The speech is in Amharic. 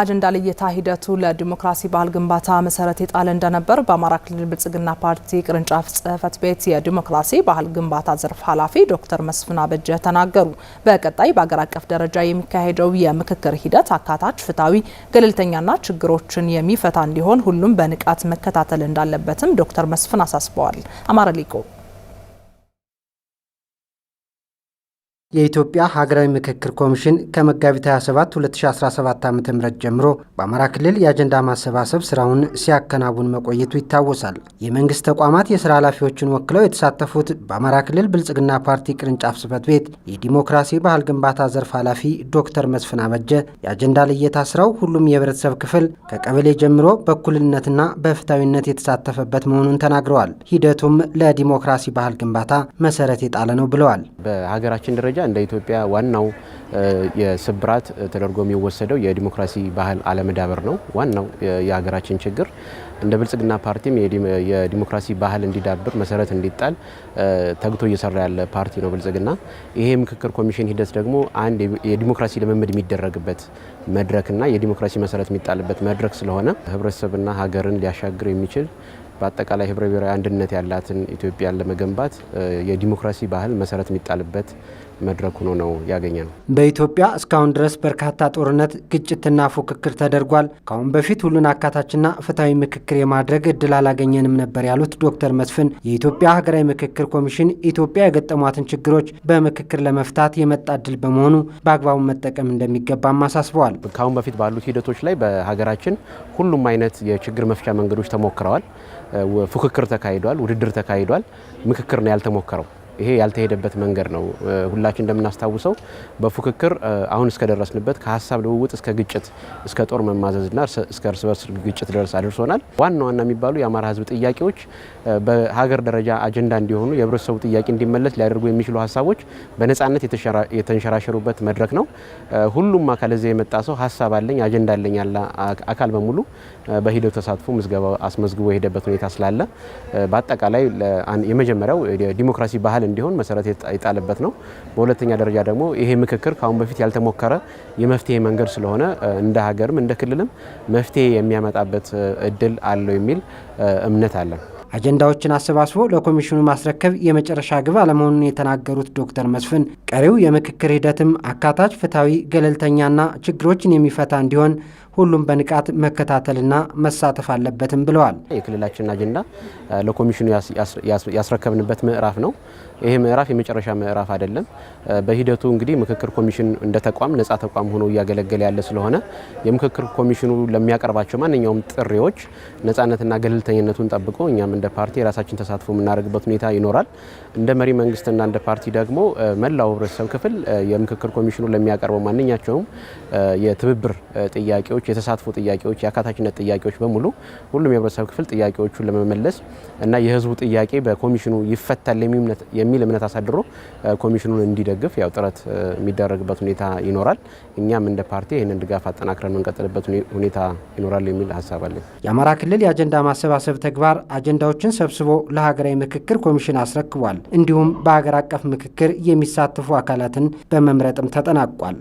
አጀንዳ ልየታ ሂደቱ ለዲሞክራሲ ባህል ግንባታ መሰረት የጣለ እንደነበር በአማራ ክልል ብልጽግና ፓርቲ ቅርንጫፍ ጽህፈት ቤት የዲሞክራሲ ባህል ግንባታ ዘርፍ ኃላፊ ዶክተር መስፍን አበጀ ተናገሩ። በቀጣይ በአገር አቀፍ ደረጃ የሚካሄደው የምክክር ሂደት አካታች፣ ፍትሐዊ፣ ገለልተኛና ችግሮችን የሚፈታ እንዲሆን ሁሉም በንቃት መከታተል እንዳለበትም ዶክተር መስፍን አሳስበዋል። አማራ ሊቆ የኢትዮጵያ ሀገራዊ ምክክር ኮሚሽን ከመጋቢት 27 2017 ዓ ም ጀምሮ በአማራ ክልል የአጀንዳ ማሰባሰብ ስራውን ሲያከናውን መቆየቱ ይታወሳል። የመንግስት ተቋማት የስራ ኃላፊዎችን ወክለው የተሳተፉት በአማራ ክልል ብልጽግና ፓርቲ ቅርንጫፍ ጽህፈት ቤት የዲሞክራሲ ባህል ግንባታ ዘርፍ ኃላፊ ዶክተር መስፍን አበጀ የአጀንዳ ልየታ ስራው ሁሉም የህብረተሰብ ክፍል ከቀበሌ ጀምሮ በእኩልነትና በፍታዊነት የተሳተፈበት መሆኑን ተናግረዋል። ሂደቱም ለዲሞክራሲ ባህል ግንባታ መሰረት የጣለ ነው ብለዋል። በሀገራችን ደረጃ ደረጃ እንደ ኢትዮጵያ ዋናው የስብራት ተደርጎ የሚወሰደው የዲሞክራሲ ባህል አለመዳበር ነው። ዋናው የሀገራችን ችግር እንደ ብልጽግና ፓርቲም የዲሞክራሲ ባህል እንዲዳብር መሰረት እንዲጣል ተግቶ እየሰራ ያለ ፓርቲ ነው ብልጽግና። ይሄ ምክክር ኮሚሽን ሂደት ደግሞ አንድ የዲሞክራሲ ልምምድ የሚደረግበት መድረክና የዲሞክራሲ መሰረት የሚጣልበት መድረክ ስለሆነ ህብረተሰብና ሀገርን ሊያሻግር የሚችል በአጠቃላይ ህብረ ብሔራዊ አንድነት ያላትን ኢትዮጵያን ለመገንባት የዲሞክራሲ ባህል መሰረት የሚጣልበት መድረክ ሆኖ ነው ያገኘ ነው። በኢትዮጵያ እስካሁን ድረስ በርካታ ጦርነት፣ ግጭትና ፉክክር ተደርጓል። ከአሁን በፊት ሁሉን አካታችና ፍትሐዊ ምክክር የማድረግ እድል አላገኘንም ነበር ያሉት ዶክተር መስፍን የኢትዮጵያ ሀገራዊ ምክክር ኮሚሽን ኢትዮጵያ የገጠሟትን ችግሮች በምክክር ለመፍታት የመጣ እድል በመሆኑ በአግባቡ መጠቀም እንደሚገባም አሳስበዋል። ከአሁን በፊት ባሉት ሂደቶች ላይ በሀገራችን ሁሉም አይነት የችግር መፍቻ መንገዶች ተሞክረዋል። ፉክክር ተካሂዷል፣ ውድድር ተካሂዷል። ምክክር ነው ያልተሞከረው። ይሄ ያልተሄደበት መንገድ ነው። ሁላችን እንደምናስታውሰው በፉክክር አሁን እስከደረስንበት ከሀሳብ ልውውጥ እስከ ግጭት፣ እስከ ጦር መማዘዝና እስከ እርስ በርስ ግጭት ድረስ አድርሶናል። ዋና ዋና የሚባሉ የአማራ ሕዝብ ጥያቄዎች በሀገር ደረጃ አጀንዳ እንዲሆኑ የህብረተሰቡ ጥያቄ እንዲመለስ ሊያደርጉ የሚችሉ ሀሳቦች በነፃነት የተንሸራሸሩበት መድረክ ነው። ሁሉም አካል እዚያ የመጣ ሰው ሀሳብ አለኝ አጀንዳ አለኝ ያለ አካል በሙሉ በሂደቱ ተሳትፎ ምዝገባ አስመዝግቦ የሄደበት ሁኔታ ስላለ በአጠቃላይ የመጀመሪያው ዲሞክራሲ ባህል እንዲሆን መሰረት የጣለበት ነው። በሁለተኛ ደረጃ ደግሞ ይሄ ምክክር ከአሁን በፊት ያልተሞከረ የመፍትሄ መንገድ ስለሆነ እንደ ሀገርም እንደ ክልልም መፍትሄ የሚያመጣበት እድል አለው የሚል እምነት አለን። አጀንዳዎችን አሰባስቦ ለኮሚሽኑ ማስረከብ የመጨረሻ ግብ አለመሆኑን የተናገሩት ዶክተር መስፍን ቀሪው የምክክር ሂደትም አካታች፣ ፍትሐዊ፣ ገለልተኛና ችግሮችን የሚፈታ እንዲሆን ሁሉም በንቃት መከታተልና መሳተፍ አለበትም ብለዋል። የክልላችንን አጀንዳ ለኮሚሽኑ ያስረከብንበት ምዕራፍ ነው። ይሄ ምዕራፍ የመጨረሻ ምዕራፍ አይደለም። በሂደቱ እንግዲህ ምክክር ኮሚሽን እንደ ተቋም ነጻ ተቋም ሆኖ እያገለገለ ያለ ስለሆነ የምክክር ኮሚሽኑ ለሚያቀርባቸው ማንኛውም ጥሪዎች ነጻነትና ገለልተኝነቱን ጠብቆ እኛም እንደ ፓርቲ የራሳችን ተሳትፎ የምናደርግበት ሁኔታ ይኖራል። እንደ መሪ መንግስትና እንደ ፓርቲ ደግሞ መላው ህብረተሰብ ክፍል የምክክር ኮሚሽኑ ለሚያቀርበው ማንኛቸውም የትብብር ጥያቄዎች ጥያቄዎች፣ የተሳትፎ ጥያቄዎች፣ የአካታችነት ጥያቄዎች በሙሉ ሁሉም የህብረተሰብ ክፍል ጥያቄዎቹን ለመመለስ እና የህዝቡ ጥያቄ በኮሚሽኑ ይፈታል የሚል እምነት አሳድሮ ኮሚሽኑን እንዲደግፍ ያው ጥረት የሚደረግበት ሁኔታ ይኖራል። እኛም እንደ ፓርቲ ይህንን ድጋፍ አጠናክረን የምንቀጥልበት ሁኔታ ይኖራል የሚል ሀሳብ አለን። የአማራ ክልል የአጀንዳ ማሰባሰብ ተግባር አጀንዳዎችን ሰብስቦ ለሀገራዊ ምክክር ኮሚሽን አስረክቧል። እንዲሁም በሀገር አቀፍ ምክክር የሚሳተፉ አካላትን በመምረጥም ተጠናቋል።